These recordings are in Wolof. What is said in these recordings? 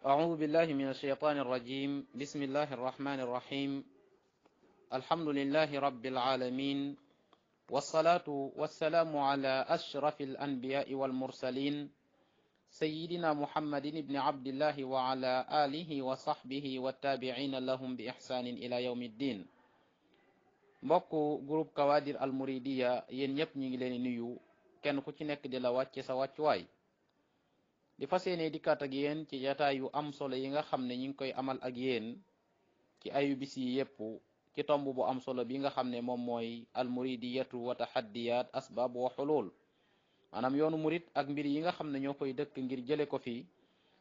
أعوذ بالله من الشيطان الرجيم بسم الله الرحمن الرحيم الحمد لله رب العالمين والصلاة والسلام على أشرف الأنبياء والمرسلين سيدنا محمد بن عبد الله وعلى آله وصحبه والتابعين لهم بإحسان إلى يوم الدين mbokku جروب كوادر المريدية muridiya yéen ñëpp ñu ngi leen nuyu kenn di fas yéene dikkaat ak yéen ci jataay yu am solo yi nga xam ne ñi ngi koy amal ak yéen ci ayu bis yi yépp ci tomb bu am solo bi nga xam ne moom mooy almuridiyatu wa taxaddiyaat asbaab wa xulul anam yoonu murit ak mbir yi nga xam ne ñoo koy dëkk ngir jële ko fi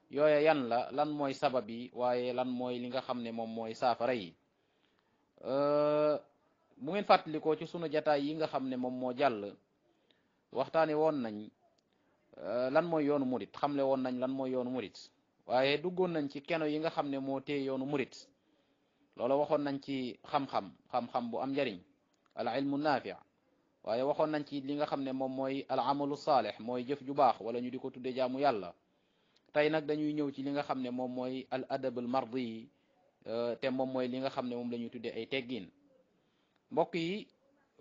yooya yan la lan mooy sabab yi waaye lan mooy li nga xam ne moom mooy saafara yi bu ngeen fàttalikoo ci sunu jataay yi nga xam ne moom moo jàll waxtaane woon nañ Euh, lan mooy yoonu murit xamle woon nañ lan mooy yoonu murit waaye duggoon nañ ci keno yi nga xam ne moo téye yoonu murit loola waxoon nañ ci xam-xam xam-xam bu am njariñ al ilmu naafi waaye waxoon nañ ci li nga xam ne moom mooy al amalu saalih mooy jëf ju baax wala ñu di ko tuddee jaamu yàlla tey nag dañuy ñëw ci li nga xam ne moom mooy al adabul mardi yi euh, te moom mooy li nga xam ne moom la ñuy tuddee ay teggiin mbokk yi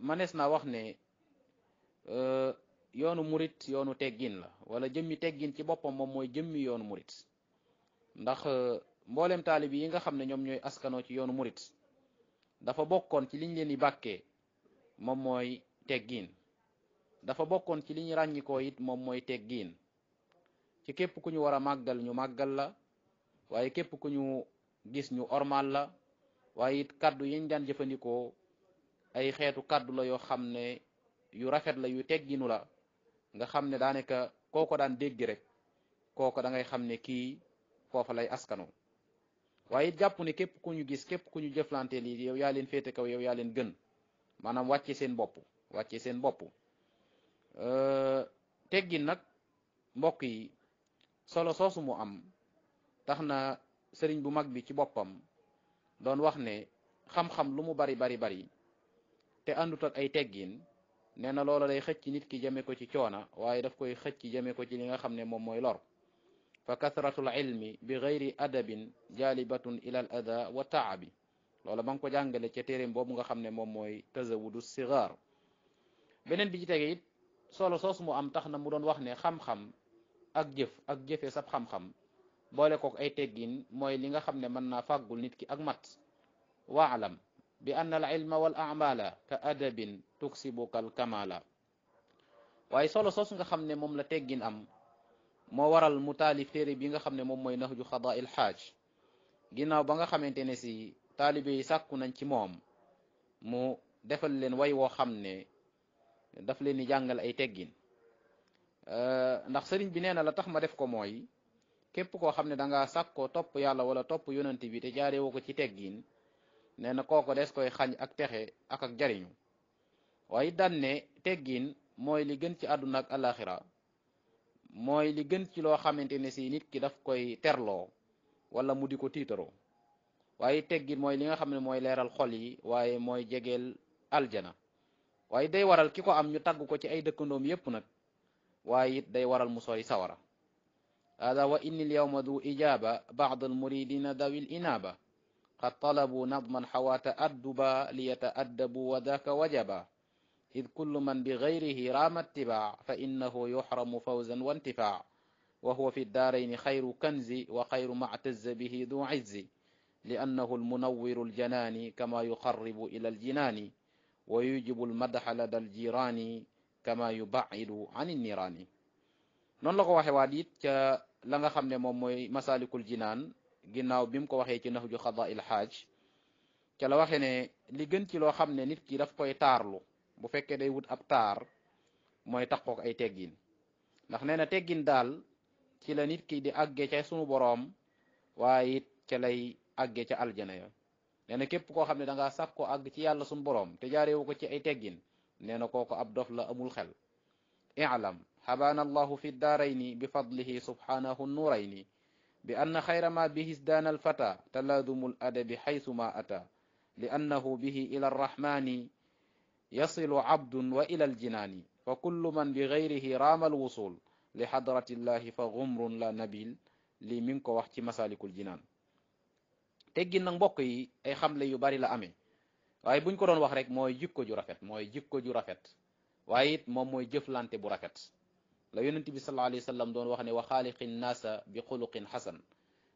manees wax ne euh, yoonu murit yoonu teggiin la wala jëmmi teggin ci boppam moom mooy jëmmi yoonu murit ndax euh, mboolem taalib yi nga xam ne ñoom ñooy askanoo ci yoonu murit dafa bokkoon ci liñ leen di bàkkee moom mooy teggiin dafa bokkoon ci li ñu ràññikoo it moom mooy teggiin ci képp ku ñu war a màggal ñu màggal la waaye képp ku ñu gis ñu ormal la waaye it kàddu yi daan jëfandikoo ay xeetu kàddu la yoo xam ne yu rafet la yu tegginu la nga xam ne daanaka koo ko daan dégg rek kooko da ngay xam ne kii foofa lay askano waaye it jàpp ne képp ku ñu gis képp ku ñu jëflanteel yi yow yaa leen féete kaw yow yaa leen gën maanaam wàcce seen bopp wàcce seen bopp euh, teggin nag mbokk yi solo soosu mu am tax na sëriñ bu mag bi ci boppam doon wax ne xam-xam lu mu bari bari bari te àndut ak ay teggin nee na loola day xëcc nit ki jëme ko ci coona waaye daf koy xëcc jëme ko ci li nga xam ne moom mooy lor fa kasratul ilmi bi gayri adabin jalibatun ila al ada wa taabi loola ma ngi ko jàngale ca téeréem boobu nga xam ne moom mooy tazawudu sigaar beneen bi ci tege it solo soos mu am tax na mu doon wax ne xam-xam ak jëf ak jëfe sab xam-xam boole kook ay teggin mooy li nga xam ne mën naa fàggul nit ki ak mat waalam بأن العلم والأعمال كأدب تكسبك الكمال waaye solo soosu nga xam ne moom la teggin am moo waral mu taalif téere bi nga xam ne moom mooy nahju xadaa'il xaaj ginnaaw ba nga xamante ne si taalibe yi sàkku nañ ci moom mu defal leen way woo xam ne daf leen di jàngal ay teggin ndax sëriñ bi nee na la tax ma def ko mooy képp koo xam ne da ngaa sàkkoo topp yàlla wala topp yonent bi te jaaree woo ko ci teggin nee na kooko des koy xañ ak texe ak ak jariñu waaye daan ne teggiin mooy li gën ci àdduna ak alaxira mooy li gën ci loo xamante ne si nit ki daf koy terloo wala mu di ko tiitaroo waaye teggin mooy li nga xam ne mooy leeral xol yi waaye mooy jegeel aljana waaye day waral ki ko am ñu tagg ko ci ay dëkkandoom yépp nag waaye it day waral mu sori sawara hada wa inni l yawma du baax baad al muridina dawil inaba قد طلبوا نظما حوى تأدبا ليتأدبوا وذاك وجبا إذ كل من بغيره رام اتباع فإنه يحرم فوزا وانتفاع وهو في الدارين خير كنز وخير ما اعتز به ذو عز لأنه المنور الجنان كما يقرب إلى الجنان ويوجب المدح لدى الجيران كما يبعد عن النيران نون لا ko waxe wadit ca la ginnaaw bi mu ko waxee ci naxju xada il xaaj ca la waxee ne li gën ci loo xam ne nit ki daf koy taarlu bu fekkee day wut ab taar mooy taqook ay teggiin ndax nee na teggin daal ci la nit ki di àgge ca sunu boroom waaye it ca lay àgge ca aljana ya képp koo xam ne danga ngaa sàkkoo àgg ci yàlla sunu boroom te jaarewu ko ci ay teggin nee na kooko ab dof la amul xel i'lam xabaana allahu fi daarayni bi fadlihi subhaanahu nuurayni bi anna xayra ma bihi isdaana alfata talaadumu bi xaysu ma ata li annahu bihi ila arrahmani yasilu abdun wa ila aljinaani fa kullu man bi gayrihi raama alwusul li xadratillahi fa gumrun la nabil lii mi ngi ko wax ci masalikul jinaan teggin nag mbokk yi ay xamle yu bari la ame waaye buñ ko doon wax rek mooy jikko ju rafet mooy jikko ju rafet waaye it moom mooy jëflante bu rafet la yonent bi sallallahu alayhi wa doon wax ne wa xaaliqin naasa bi xuluqin xasan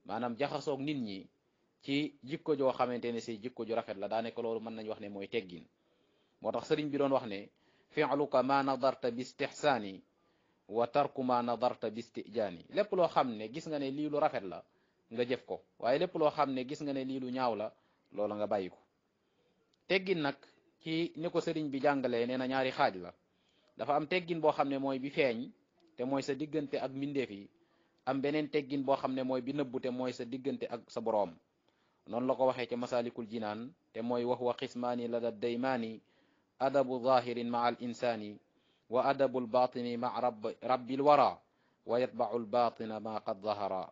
maanaam jaxasoog nit ñi ci jikko joo xamante ne se jikko ju rafet la daa daanaka loolu mën nañ wax ne mooy teggin moo tax sëriñ bi doon wax ne fi'luka ma nadarta bi istixsaani wa tarku ma nadarta bi istijaani lépp loo xam ne gis nga ne lii lu rafet la nga jëf ko waaye lépp loo xam ne gis nga ne lii lu ñaaw la loola nga bàyyi ko teggin nag ci ni ko sëriñ bi jàngalee nee na ñaari xaaj la dafa am te moy sa digënté ak mindeef yi am benen teggin bo xamne moy bi neubuté moy sa digënté ak sa borom non la ko waxé ci masalikul jinan te moy wax wa qismani lada daymani adabu zahirin ma al insani wa adabu al batini ma rabb rabbil wara wa yatba'u al batina ma qad zahara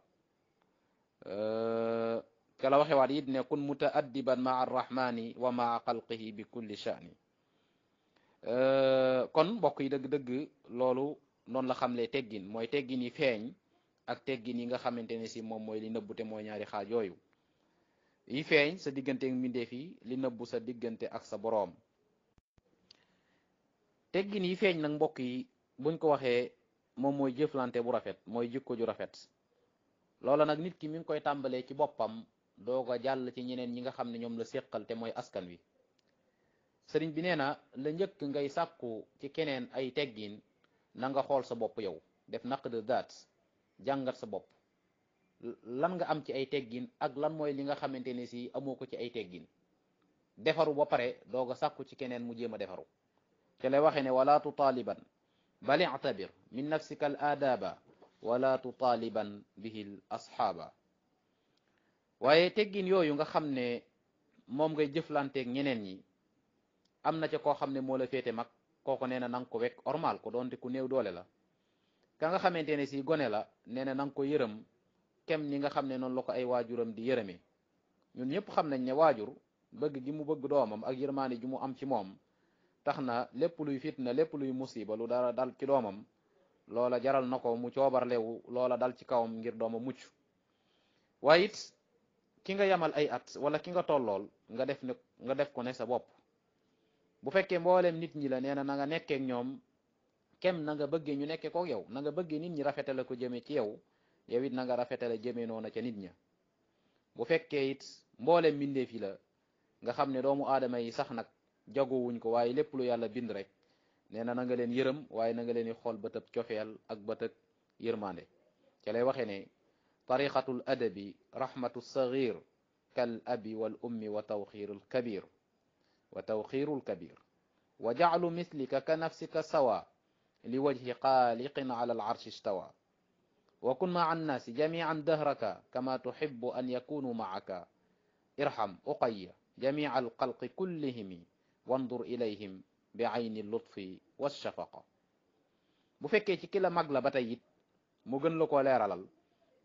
kala waxe wat it ne kun mutaaddiban ma maa rahmani wa ma xalqihi bi kulli sha'ni kon mbokk yi deug deug lolou noonu la xam xamlee teggin mooy teggin yi feeñ ak teggin yi nga xamante ne si moom mooy li nëbbu te mooy ñaari xaaj yi feeñ sa diggante ak mbindeef yi li nëbbu sa diggante ak sa boroom teggin yi feeñ nag mbokk yi buñ ko waxee moom mooy jëflante bu rafet mooy jikko ju rafet loola nag nit ki mu ngi koy tàmbalee ci boppam doog a jàll ci ñeneen ñi nga xam ne ñoom la séqal te mooy askan wi sëriñ bi nee na la njëkk ngay sàkku ci keneen ay teggin na nga xool sa bopp yow def naq de daat jàngat sa bopp lan nga am ci ay teggin ak lan mooy li nga xamante ne si amoo ko ci ay teggin defaru ba pare doog a sàkku ci keneen mu jéem a defaru te lay waxee ne wala tutaaliban bal i'tabir min nafsika al aadaaba wala tutaaliban bihi l asxaaba waaye teggin yooyu nga xam ne moom ngay jëflanteeg ñeneen yi am na ca koo xam ne moo la féete mag kooko nee na na ko wekk ormal ko doonte ku néew doole la ka nga xamante ne si gone la nee na na ko yërëm kem ni nga xam ne noonu la ko ay waajuram di yërëme ñun ñëpp xam nañ ne waajur bëgg gi mu bëgg doomam ak yërmaane ji mu am ci moom tax na lépp luy fitna lépp luy musiba lu dara dal ci doomam loola jaral na ko mu coobarlewu loola dal ci kawam ngir dooma mucc waaye it ki nga yamal ay at wala ki nga tollool nga def ne nga def ko ne sa bopp bu fekkee mboolem nit ñi la nee na na nekkee ñoom kem na nga bëggee ñu nekkee ko yow na nga bëggee nit ñi rafetale ko jëmee ci yow yow it na nga rafetale jëmee noona ca nit ña bu fekkee it mboolem mbindeef yi la nga xam ne doomu aadama yi sax nag jagowuñ ko waaye lépp lu yàlla bind rek nee na na nga leen yërëm waaye na nga leen di xool bëtëb cofeel ak bëtëb yërmande ca lay waxee ne tariqatul adabi rahmatu sagir kal abi wal ummi wa tawxiirul kabir وتوخير الكبير وجعل مثلك كنفسك سواء لوجه قالق على العرش استوى وكن مع الناس جميعا دهرك كما تحب أن يكونوا معك ارحم أقي جميع القلق كلهم وانظر إليهم بعين اللطف والشفقة bu fekkee ci ki la mag la ba tey it mu gën la koo leeralal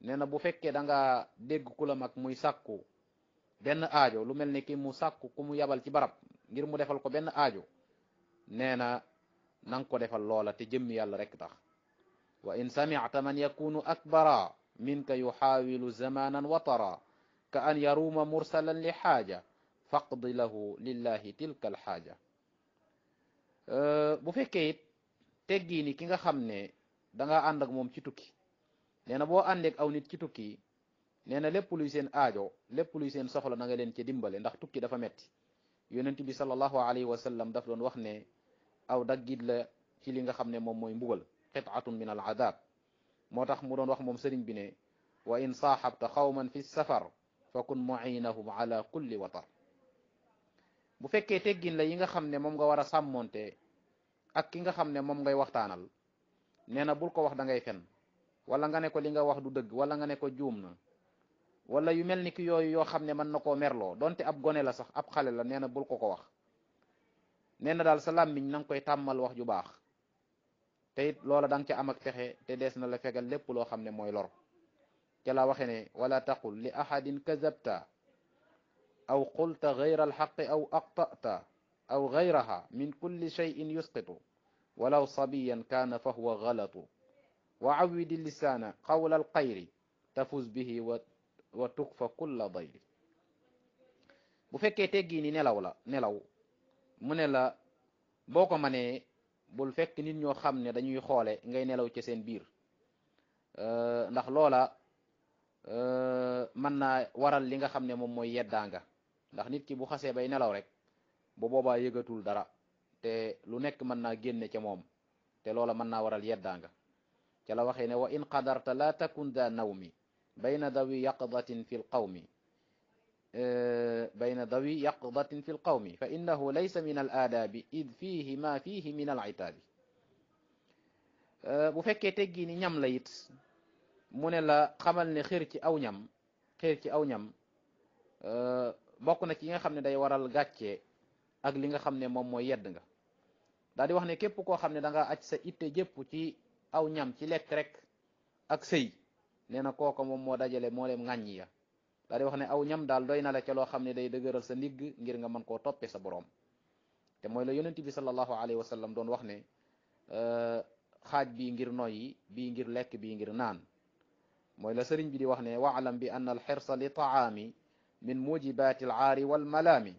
nee na bu fekkee da nga dégg ku la mag muy sàkku benn aajo lu mel ni ki mu sàkku ku mu yabal ci barab ngir mu defal ko benn aajo nee na na ko defal loola te jëmmi yàlla rek tax wa in samicta man yakunu akbara minka yuxaawilu zamanan watara ka an yaruuma mursalan li xaaja faqdi lahu lillahi tilka alxaaja bu fekkee it teggii ni ki nga xam ne dangaa ànd ak moom ci tukki nee na boo àndeek aw nit ci tukki nee na lépp luy seen aajo lépp luy seen soxla na nga leen ci dimbale ndax tukki dafa metti yonent bi sallallahu alayhi wa sallam daf doon wax ne aw daggit la ci li nga xam ne moom mooy mbugal qitaatun min al adab moo tax mu doon wax moom sëriñ bi ne wa in saaxabta xawman fi safar fa kun muinahum ala kulli watar bu fekkee teggin la yi nga xam ne moom nga war a sàmmonte ak ki nga xam ne moom ngay waxtaanal nee na bul ko wax da ngay fen wala nga ne ko li nga wax du dëgg wala nga ne ko juum na wala yu mel ni ki yooyu yoo xam ne mën na koo merloo donte ab gone la sax ab xale la nee na bul ko ko wax nee na daal sa làmmiñ na nga koy tàmmal wax ju baax te it loola da nga ca am ak pexe te dees na la fegal lépp loo xam ne mooy lor ca la waxe ne wala taqul li ahadin kazabta aw qulta gayra alxaqi aw aqta'ta aw gayraha min kulli cheyin yusqitu walaw sabiyan kaana fa huwa galatu wa awidi lisaana qawla alxayri tafuz bihi wa wa tukfa kulla dayl bu fekkee teggii ni nelaw la nelaw mu ne la boo ko manee bul fekk nit ñoo xam ne dañuy xoole ngay nelaw ci seen biir euh, ndax loola euh, mën naa waral li nga xam ne moom mooy yeddaanga ndax nit ki bu xasee bay nelaw rek bu boobaa yegatul dara te lu nekk mën naa génne ca moom te loola mën naa waral yeddaanga ca la waxee wa in qadarta la takun da nawmi bayna dawi yaqdatin fi lqawmi bayna dawi yaqdatin fi lqawmi fa innahu laysa min al aadaabi id fiihi ma fiihi min al itaabi bu fekkee teggi ni ñam la it mu ne la xamal ne xër ci aw ñam ci aw ñam bokk na ci yi nga xam ne day waral gàcce ak li nga xam ne moom mooy yedd nga daal di wax ne képp koo xam ne danga nga sa itte jëpp ci aw ñam ci lekk rek ak sëy nee na kooka moom moo dajale moo leen ŋàññi ya daal wax ne aw ñam daal doy na la ca loo xam ne day dëgëral sa ndigg ngir nga man koo toppee sa borom te mooy la yonent bi sallallahu alayhi wa sallam doon wax ne euh, xaaj bii ngir noyyi bi ngir lekk bii ngir naan mooy la sëriñ bi di wax ne waalam bi anna al xirsa li taami min mujibaati al aari wal malaami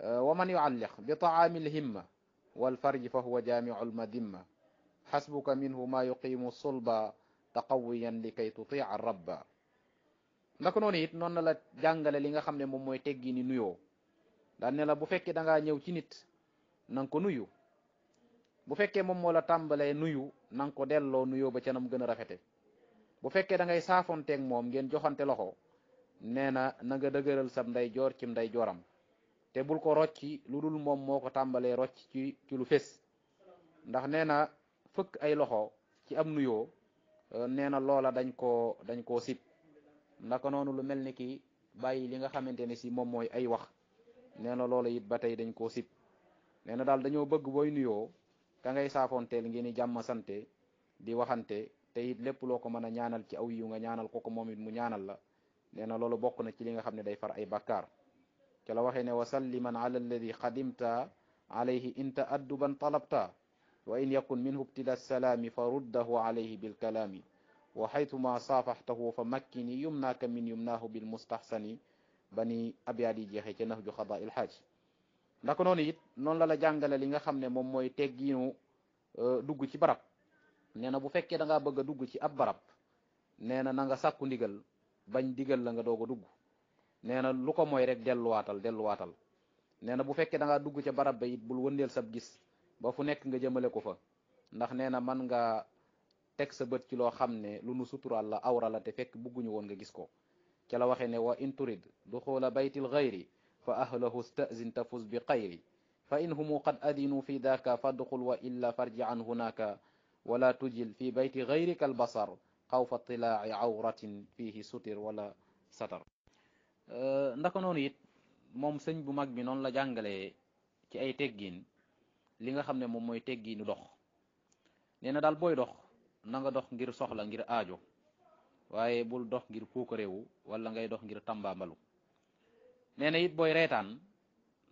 euh, wa man yualliq bi taami al himma fa huwa jaamiu al madimma xasbuka minhu ma yuqimu sulba taqawiyan li kay tutia rabba ndaka noonu it noonu na la jàngale li nga xam ne moom mooy teggi ni nuyoo daan ne la bu fekkee da ngaa ñëw ci nit na nuyu bu fekkee moom moo la tàmbalee nuyu na delloo nuyoo ba ca nam gën a rafete bu fekkee da ngay saafonteeg moom ngeen joxante loxo nee na na nga dëgëral sam nday joor cim nday jooram te bul ko rocci lu dul moom moo ko tàmbalee rocc ci ci lu fés ndax nee fëkk ay loxo ci am nuyoo Euh, nee na loola dañ koo dañ koo sib naka noonu lu mel ni ki bàyyi li nga xamante ne si moom mooy ay wax nee na loola it ba tey dañ ko sib nee na daal dañoo bëgg booy nuyoo ka ngay saafoonteel ngeen ni jàmm sante di waxante te it lépp loo ko mën a ñaanal ci aw yiw ñaanal ko ko moom it mu ñaanal la nee na loolu bokk na ci li nga xam ne day far ay bakkaar ca la waxee ne wa salliman ala alladi xadimta alayhi inta adduban talabta wa in yakun minhu ibtida salaami fa ruddahu alayhi bilkalaami wa xaytuma saafaxtahu fa makkini yumnaaka min yumnaahu bilmustaxsani ba ni abyaat yi jeexee ca nax ju xada ilxaaj ndax noonu it noonu la la jàngale li nga xam ne moom mooy teggiinu euh, dugg ci barab nee na bu fekkee da ngaa bëgg a dugg ci ab barab nee na na nga sàkku ndigal bañ digal la nga doog a dugg nee na lu ko moy rek delluwaatal delluwaatal nee na bu fekkee da dugg ca barab ba it bul wëndeel sab gis ba fu nekk nga jamale ko fa ndax nee na man nga teg sa bët ci loo xam ne lu nu suturaal la awra la fekk bugguñu woon nga gis ko ca la waxee ne wa in turid duxula baytil xayri fa ahlahu stazin tafus bi xayri fa in humu qad adinu fi daaka fadxul wa illa farji an hunaka wala tujil fi bayti gayrika al basar xawfa tilaaci awratin fihi sutir wala satar ndaka noonu it moom sëñ bu mag bi noonu la jàngalee ci ay teggin li nga xam ne moom mooy teggiinu dox nee na daal booy dox na nga dox ngir soxla ngir aajo waaye bul dox ngir puukareewu wala ngay dox ngir tàmbaambalu nee na it booy reetaan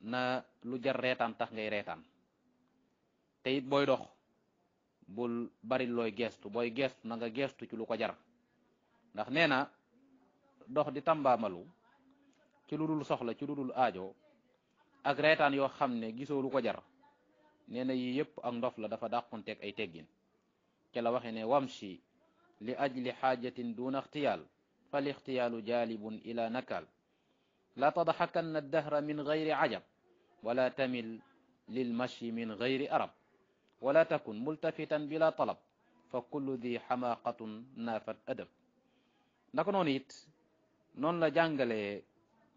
na lu jar reetaan tax ngay reetaan te it booy dox bul bari looy geestu booy geestu na nga geestu ci lu ko jar ndax nee na dox di tàmbaamalu ci lu dul soxla ci lu dul aajo ak reetaan yoo xam ne gisoo lu ko jar nee yi yep ak ndof la dafa ak ay teggin ca la waxe ne wamshi li ajli hajatin dun ikhtiyal fal ikhtiyal jalib ila nakal la ad addahra min gayri ajab wala tamil lil للمشي من غير أرب ولا تكن ملتفتا بلا طلب فكل dhi hamaqatun nafat adab naka non it non la jangale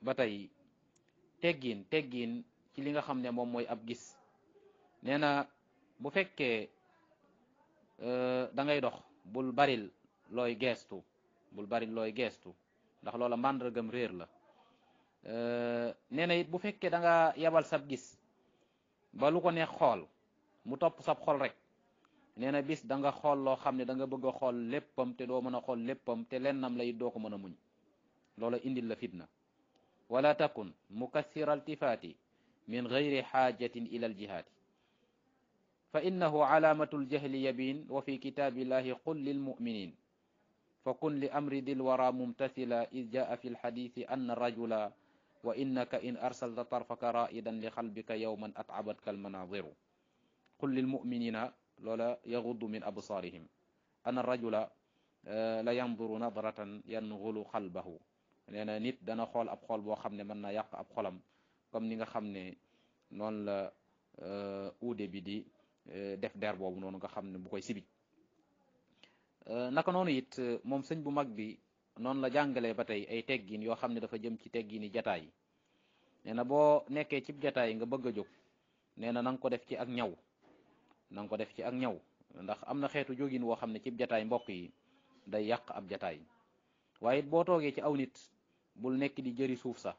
batay teggin teggin ci li nga xamne mom moy ab gis nee na bu fekkee euh, da ngay dox bul baril looy geestu bul baril looy geestu ndax loola màndargam réer la euh, nee na it bu fekkee danga nga yabal sab gis ba lu ko neex xool mu topp sab xool rek nee na bis da nga xool loo xam ne da nga bëgg a xool léppam te doo mën a xool léppam te lennam lay doo ko mën a muñ loola indil la fitna wala takun mukassira altifaati min gayri xaajatin ila aljihaati فإنه علامة الجهل يبين وفي كتاب الله قل للمؤمنين فكن لأمر ذي الورى ممتثلا إذ جاء في الحديث أن الرجل وإنك إن أرسلت طرفك رائدا لقلبك يوما أتعبتك المناظر قل للمؤمنين لولا يغض من أبصارهم أن الرجل آه، لا ينظر نظرة ينغل قلبه لأن نت دنا خال xool ab xool boo xam ne mën na yàq ab xolam Euh, def der boobu noonu nga xam ne bu koy sibi euh, naka noonu it euh, moom sëñ bu mag bi noonu la jàngalee ba tey ay teggin yoo xam ne dafa jëm ci teggini jataay yi nee na boo nekkee cib jataay nga bëgg a jóg nee na na nga ko def ci ak ñaw na ko def ci ak ñaw ndax am na xeetu jógin woo xam ne cib jataay mbokk yi day yàq ab jataay waaye boo toogee ci aw nit bul nekk di jëri suuf sa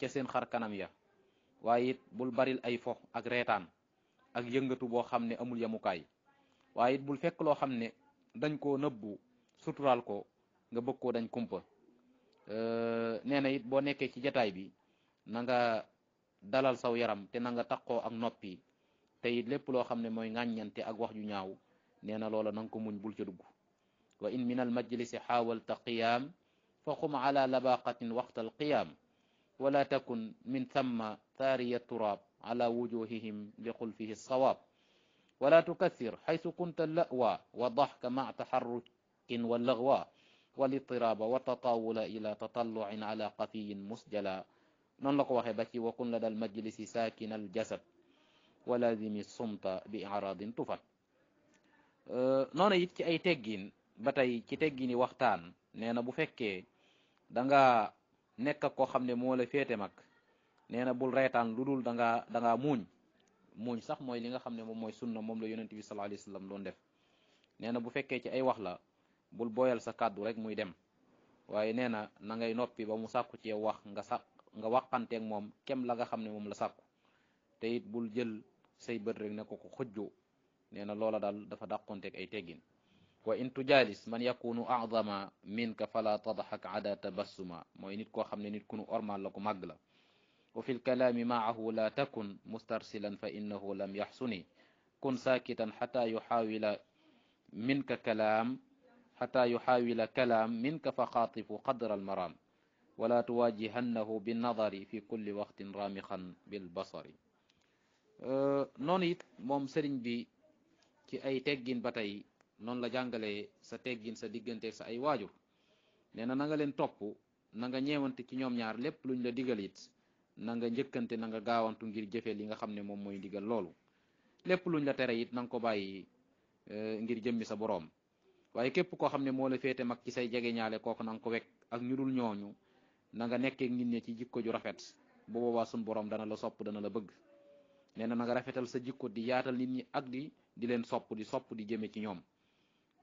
ca seen xar kanam ya waaye it bul baril ay fo ak reetaan ak yëngatu boo xam ne amul yemukaay waaye it bul fekk loo xam ne dañ koo nëbbu sutural ko nga bëgg koo dañ kumpa euh, nee na it boo nekkee ci jataay bi na nga dalal saw yaram te na nga taqoo ak noppi te it lépp loo xam ne mooy ŋàññante ak wax ju ñaaw nee na loola na ko muñ bul ca dugg wa in min al majlisi xaawalta qiyaam fa ala labaqatin waxta alqiyaam wala takun min thamma thaariya turaab على وجوههم لقل فيه الصواب ولا تكثر حيث كنت اللأوى وضحك مع تحرك واللغوى والاضطراب والتطاول إلى تطلع على قفي مسجلا ننلق وهبتي وكن لدى المجلس ساكن الجسد ولازم الصمت بإعراض طفل noonu it أي تجين teggin ba tey ci teggini waxtaan nee na bu fekkee da nga nekk koo xam ne moo la féete mag nee na bul reetaan lu dul da ngaa da ngaa muuñ muuñ sax mooy li nga xam ne moom mooy sunna moom la yonent bi sallallahu alayhi wasallam doon def nee na bu fekkee ci ay wax la bul booyal sa kàddu rek muy dem waaye nee na na ngay noppi ba mu sàkku ci wax nga sàq nga waxanteeg moom kem la nga xam ne moom la sàkku te bul jël say bët rek ne ko ko xujju nee na loola daal dafa dàqonteeg ay teggin wa in tujaalis man yakunu a'zama minka fala tadhak ada tabassuma mooy nit koo xam ne nit ku nu ormal la ku màgg la وفي الكلام معه لا تكن مسترسلا فإنه لم يحسن كن ساكتا حتى يحاول منك كلام حتى يحاول كلام منك فخاطف قدر المرام ولا تواجهنه بالنظر في كل وقت رامخا بالبصر noonu it moom sëriñ bi ci ay teggin ba tey noonu la jàngalee sa teggin sa diggante sa ay waajur nee na na nga leen topp na nga ñeewante ci ñoom ñaar lépp luñ la digal it nanga njëkkante na nga gaawantu ngir jëfe li nga xam ne moom mooy ndigal loolu lépp luñ la tere it nanga ko bàyyi euh, ngir jëmmi sa boroom waaye képp koo xam ne moo la féete mag ci say jege ñaale kooku nanga ko wekk ak ñu dul ñooñu na nga nekkee nit ñi ci jikko ju rafet bu boobaa suñ boroom dana la sopp dana la bëgg nee na na rafetal sa jikko di yaatal nit ñi ak di di leen sopp di sopp di jëme ci ñoom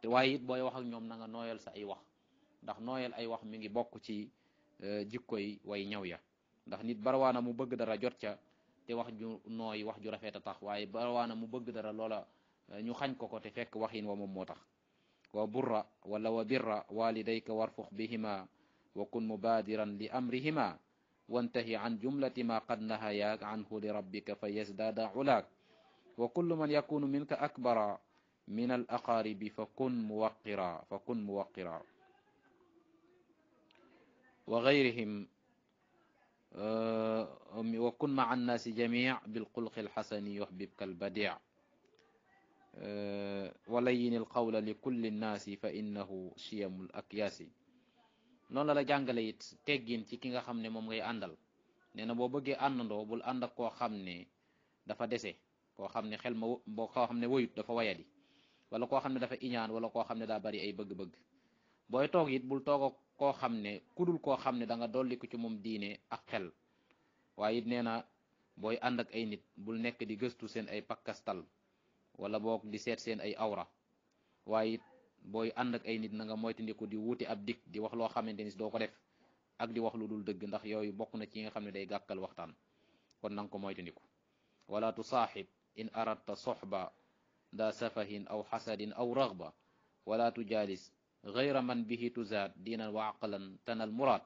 te waaye it booy wax ak ñoom na nga nooyal sa ay wax ndax nooyal ay wax mi ngi bokk ci euh, jikko yi way ñaw ya ndax nit barawaana mu bëgg dara jot ca te wax ju nooy wax ju rafeta tax waaye barawaana mu bëgg dara loola ñu xañ ko ko te fekk waxin wa moom moo tax wa burra wala wa birra walidayka warfux bihima wa kun mubadiran li amrihima وانتهي عن جملة ما قد نهياك عنه لربك فيزداد علاك وكل من يكون منك أكبر من الأقارب فكن موقرا فكن موقرا وغيرهم wa kun ma annaasi jamii bil xulqi alxasani yuxbibka albadii wala yin il qawla li kulli nnaasi fa innahu siyamul akyaasi noonu la la jàngale it teggin ci ki nga xam ne moom ngay àndal nee na boo bëggee àndandoo bul ànd ak koo xam ne dafa dese koo xam ne xel ma boo koo xam ne woyut dafa wayadi wala koo xam ne dafa iñaan wala koo xam ne daa bari ay bëgg-bëgg booy toog it bul toog koo xam ne kudul koo xam ne danga nga dolli ko ci moom diine ak xel waaye it nee na booy ànd ak ay nit bul nekk di gëstu seen ay pakkastal wala boog di seet seen ay awra waaye it booy ànd ak ay nit na nga moytandiku di wuute ab dikk di wax loo xamante ni doo ko def ak di wax lu dul dëgg ndax yooyu bokk na ci nga xam ne day gàkkal waxtaan kon nanga ko moytandiku wala tusaaxib in aradta soxba daa safahin aw xasadin aw raxba wala tujaalis غير من به تزاد دينا وعقلا تنى المراد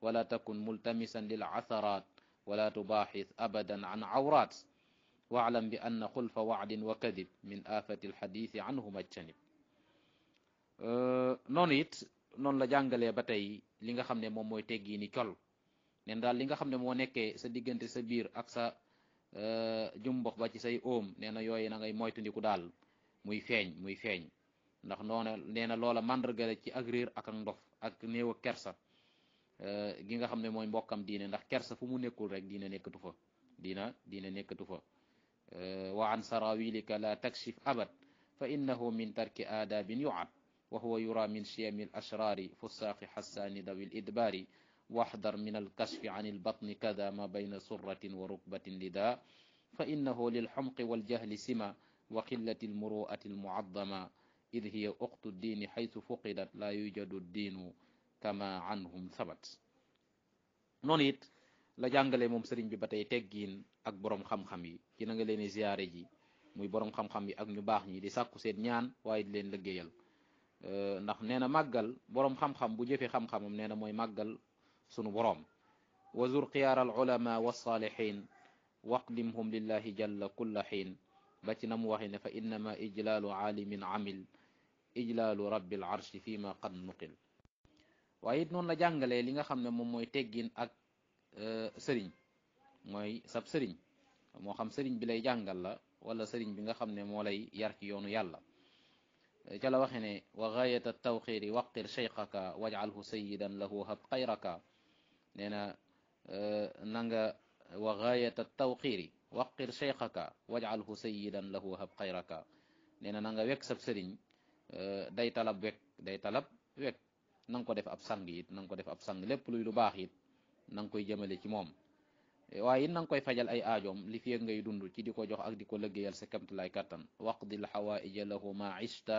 ولا تكن ملتمسا للعثرات ولا تباحث أبدا عن عورات واعلم بأن خلف وعد وكذب من آفة الحديث عنه مجنب نونيت أه، نون لا يا باتاي ليغا خامني موم موي تيغي ني نين دال ليغا خامني مو نيكي سا ديغنتي سا بير اك سا سي اوم نينا يوي نا غاي مويتو دال موي فيغ موي فيغ ndax noona nee na loola mandarga ci ak réer ak ak ndof ak néew a kersa gi nga xam ne mooy mbokkam diine ndax kersa fu mu nekkul rek diine nekkatu fa diina diine nekkatu fa wa an sarawilika la takshif abad fa innahu min tarki adabin yuad wa huwa yura min siyami al ashrari fusaaqi xassaani dawi l idbaari واحذر من الكشف عن البطن كذا ما بين سرة وركبة لداء فإنه للحمق والجهل سمة وقلة المروءة المعظمة id hiya uxtu diini xaysu fuqidat laa yujadu diinu kama anhum sabat noonu it la jàngale moom sëriñ bi ba tey giin ak boroom xam-xam yi ci na nga leen ziyaare ji muy borom xam-xam yi ak ñu baax ñi di sàkku seen ñaan waaye di leen liggéeyal euh, ndax nee na màggal boroom xam-xam bu jëfe xam-xamam nee na mooy màggal sunu borom wa zur xiyaar al ulama walsaalixin waqlimhum lillahi jalla kulla xiin ba ci na mu waxe ne fa innama ijlaalu aalimin amil ijlaalu rabbil arshi fii ma qad nuqil waaye it noonu la jàngalee li nga xam ne moom mooy teggin ak sëriñ mooy sab sëriñ moo xam sëriñ bi lay jàngal la wala sëriñ bi nga xam ne moo lay yar ci yoonu yàlla ca la waxe ne wa gaayata tawxiiri waqir cheyqaka wajcalhu sayidan lahu hab xayraka nee na na nga wa gaayata tawxiiri waqir cheyqaka wajcalhu sayidan lahu hab xayraka nee na na nga wekk sab sëriñ Eh, day talab wek day talab wek ko def ab sang yit na nga ko def ab sang lépp luy lu baax yit na nga koy jëmale ci moom eh, waaye it koy fajal ay aajoom li fiye ngay dund ci di ko jox ak di ko lëggéeyal sa kamtulaay kattan waqdil xawaaija lahu ma ishta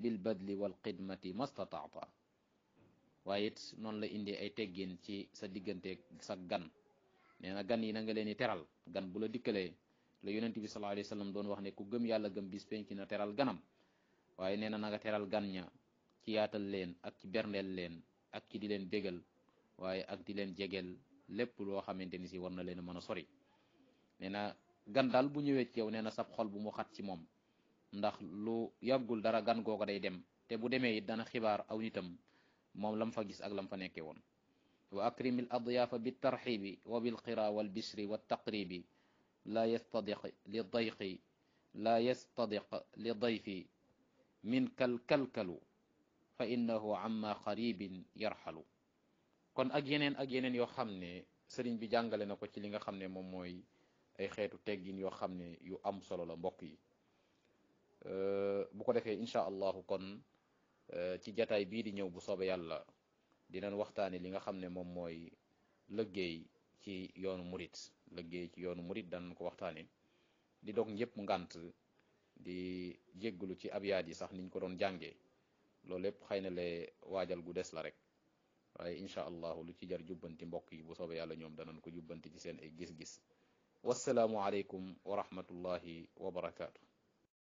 bil badli wal xidmati mastataata waaye it noonu la indi ay teggin ci sa digganteeg sa gan nee gan yi na nga leen teral gan bu la dikkalee la yonent bi sallallahu alayhi wa sallam doon wax ne ku gëm yàlla gëm bis penc na teral ganam waaye nee na na nga teral gan ña ci yaatal leen ak ci berndeel leen ak ci di leen bégal waaye ak di leen jegeel lépp loo xamante ni si war na leen mën a sori nee na gan daal bu ñëwee ci yow nee na sab xol bu mu xat ci moom ndax lu yàggul dara gan googa day dem te bu demee it dana xibaar aw nitam moom lam fa gis ak lam fa nekkee woon wa akrimi l adyaafa bi tarxibi wa bil qira wal bisri wa taqribi la yastadiq li dayqi la yastadiq li dayfi min kalkalkalu fa innahu amma qaribin yarxalu kon ak yeneen ak yeneen yoo xam ne sëriñ bi jàngale na ko ci li nga xam ne moom mooy ay xeetu teggin yoo xam ne yu am solo la mbokk yi euh, bu ko defee incha allahu kon euh, ci jataay bii di ñëw bu soobe yàlla dinañ waxtaane li nga xam ne moom mooy lëggéey ci yoonu murit lëggéey ci yoonu murit danañ ko waxtaane di dog ñëpp ngant di jégglu ci abyaat yi sax niñ ko doon jàngee loolu lépp xëy na le waajal gu des la rek waaye incha allahu lu ci jar jubbanti mbokk yi bu soobee yàlla ñoom danañ ko jubbanti ci seen ay gis-gis wassalaamu aleykum wa rahmatullahi